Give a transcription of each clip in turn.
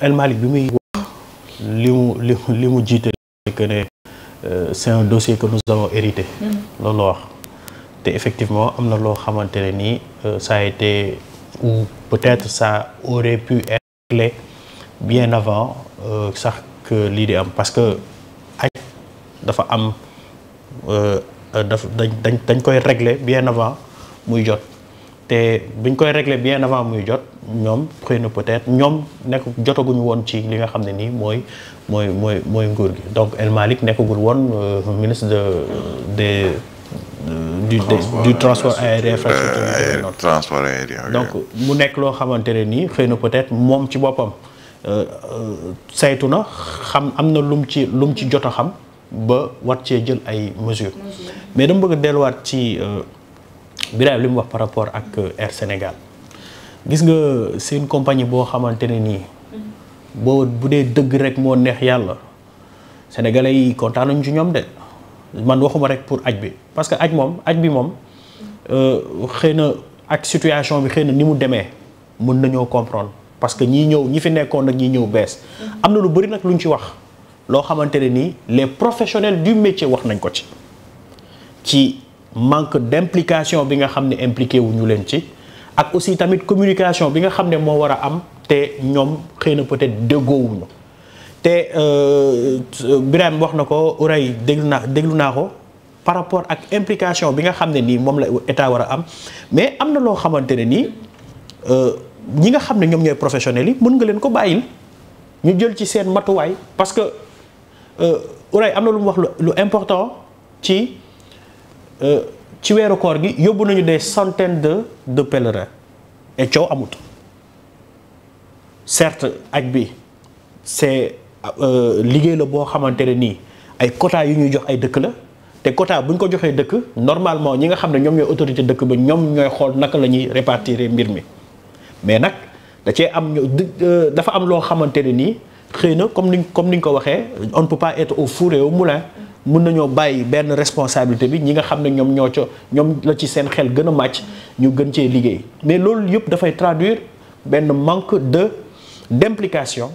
El bi muy wax li mu li mu jiite que ne euh, c'est un dossier que mm. loolu wax te effectivement am na loo xamante ne nii euh, ça été ou peut-être ça aurait pu être clé bien avant euh, sax que lii di am parce que aj dafa am daf dañ dañ dañ koy régler bien avant muy jot te buñ koy régler bien avant muy jot ñoom xëy na peut-être ñoom nekk jotaguñu woon ci li nga xam ne nii mooy mooy mooy mooy nguur gi donc El Malick nekkagul woon euh, ministre de des euh, du du transport aérien euh, transport aérien donc mu nekk loo xamante ne nii xëy na peut-être moom ci boppam saytu na xam am na lum ci lum ci jot a xam ba wat cee jël ay mesures mais dama bëgg delluwaat ci. Birahim li mu wax par rapport ak euh, Air Sénégal gis nga seen une compagnie boo xamante ne nii boo bu dee dëgg rek moo neex yàlla sénégalais yi kontaan nañu ci ñoom de man waxuma rek pour aj bi parce que aj moom aj bi moom euh, xëy na ak situation bi xëy na ni mu demee mën nañoo comprendre parce que ñii ñëw ñi fi nekkoon nag ñi ñëw bees am na lu bëri nag lu luñ ci wax loo xamante ne nii les professionnels du métier wax nañ ko ci ci manque d'implication bi nga xam ne impliqué wu leen ci ak aussi tamit communication bi nga xam ne moo war a am te ñoom xëy na peut-être déggoowuñu te euh, Birame wax na ko Uray déglu naa déglu naa ko par rapport ak implication bi nga xam ne nii moom la état war a am mais am na loo xamante ne nii euh, ñi nga xam ne ñoom ñooy professionnels yi mun nga leen ko bàyyil ñu jël ci seen matuwaay parce que Uray euh, am na lu mu wax lu important ci. Euh, ci weeru koor gi yóbbu nañu des centaines de de pèlerins et coow amut certes aj bi c'est euh, liggéey la boo xamante ne nii ay quotas yu ñuy jox ay dëkk la te quota bu ñu ko joxee dëkk normalement ñi nga xam ne ñoom ñooy autorité dëkk ba ñoom ñooy xool naka la ñuy répartir mbir mi mais nag da cee am euh, dafa am loo xamante ne nii xëy na comme ni comme ni ñu ko waxee on ne peut pas être au four et au mun nañoo bàyyi benn responsabilité bi ñi nga xam ne ñoom ñoo co ñoom la ci seen xel gën a màcc ñu gën cee liggéey mais loolu yëpp dafay traduire benn manque de d'implication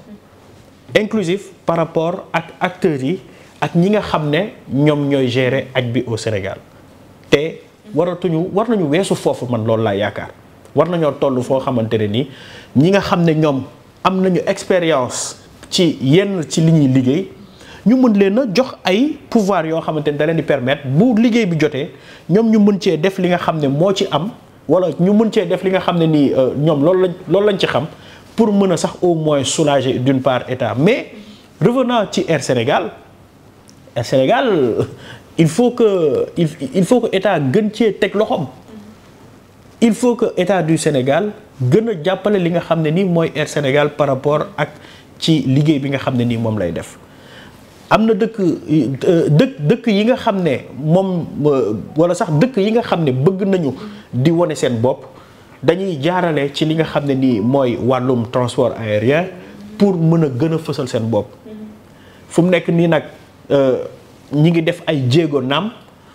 inclusive par rapport ak acteurs yi ak ñi nga xam ne ñoom ñooy gérer ak bi au Sénégal te waratuñu war nañu weesu foofu man loolu laa yaakaar war nañoo toll foo xamante ne nii ñi nga xam ne ñoom am nañu expérience ci yenn ci li ñuy liggéey ñu mën leen a jox ay pouvoir yoo xamante ni da di permettre bu liggéey bi jotee ñoom ñu mën cee def li nga xam ne moo ci am wala ñu mën cee def li nga xam ne nii euh, ñoom loolu lañ loolu lañ ci xam pour mën a sax au moins soulager d'une part état mais revenant ci Air Sénégal Air Sénégal il faut que il faut que état gën cee teg loxoom. il faut que état du Sénégal gën a jàppale li nga xam ne nii mooy Air Sénégal par rapport ak ci liggéey bi nga xam ne nii moom lay def. am na dëkk dëkk dëkk yi nga xam ne moom euh, walla sax dëkk yi nga xam ne bëgg nañu di wane seen bopp dañuy jaarale ci li nga xam ne nii mooy wàllum transport aérien pour mën a gën a fësal seen bopp fu mu nekk nii nag euh, ñi ngi def ay jéego naam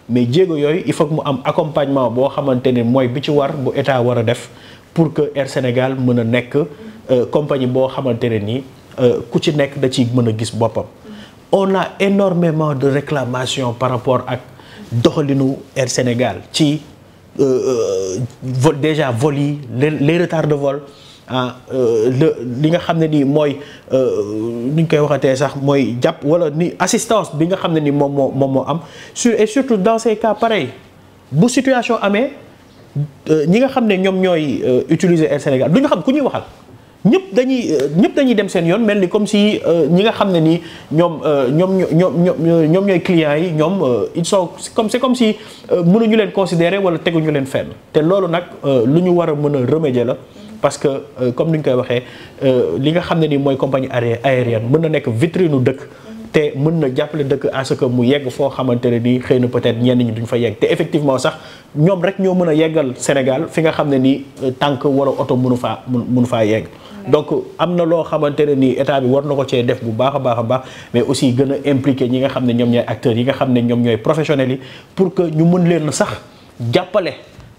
mais jéego yooyu il faut mu am accompagnement boo xamante ne mooy bi ci war bu état war a def pour que Air Sénégal mën a nekk euh, compagnie boo xamante ne nii ku ci nekk da ci mën a gis boppam on a énormément de réclamations par rapport ak doxalinu Air Sénégal ci euh, euh, vol déjà vol yi les retards de vol ah euh, li nga xam ne nii mooy ni ñu koy waxatee sax mooy jàpp wala ni assistance bi nga xam ne ni moom moo moom moo am sur et surtout dans ces cas pareil bu situation amee ñi nga xam ne ñoom ñooy utiliser Air Sénégal du ñu xam ku ñuy waxal. ñëpp dañuy euh, ñëpp dañuy dem seen yoon mel ni comme si euh, ñi nga xam ne ni ñoom euh, ñoom ñoom ñoom ñoom ñooy clients yi ñoom ils sont comme c'est comme si mënuñu leen considérer wala teguñu leen fenn te loolu nag lu ñu war a mën a remédier la parce que comme ni ñu koy waxee li nga xam ne ni mooy compagnie aérienne mën na nekk vitrine u dëkk te mën na jàppale dëkk à ce que mu yegg foo xamante ne ni xëy na peut-être ñenn ñi duñ fa yegg te effectivement sax ñoom rek ñoo mën a yeggal Sénégal fi nga xam ne ni tànk wala oto mënu faa mënu faa yegg donc am na loo xamante ne nii état bi war na ko cee def bu baax a baax a baax mais aussi gën a impliqué ñi nga xam ne ñoom ñooy acteurs yi nga xam ne ñoom ñooy professionnels yi pour que ñu mun leen sax jàppale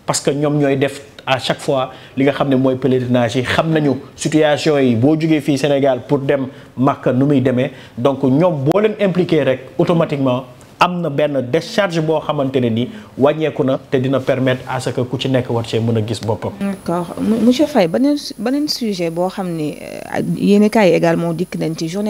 parce que ñoom ñooy def à chaque fois li nga xam ne mooy pèlerinage yi xam nañu situation yi boo jógee fii Sénégal pour dem Makka nu muy demee donc ñoom boo leen impliqué rek automatiquement am na benn décharge boo xamante ne ni wàññeeku na te dina permettre à ce que ku ci nekk war cee mën a gis boppam. d'accord monsieur Faye beneen beneen sujet boo xam ni euh, yéen kaay également dikk nañ ci journée.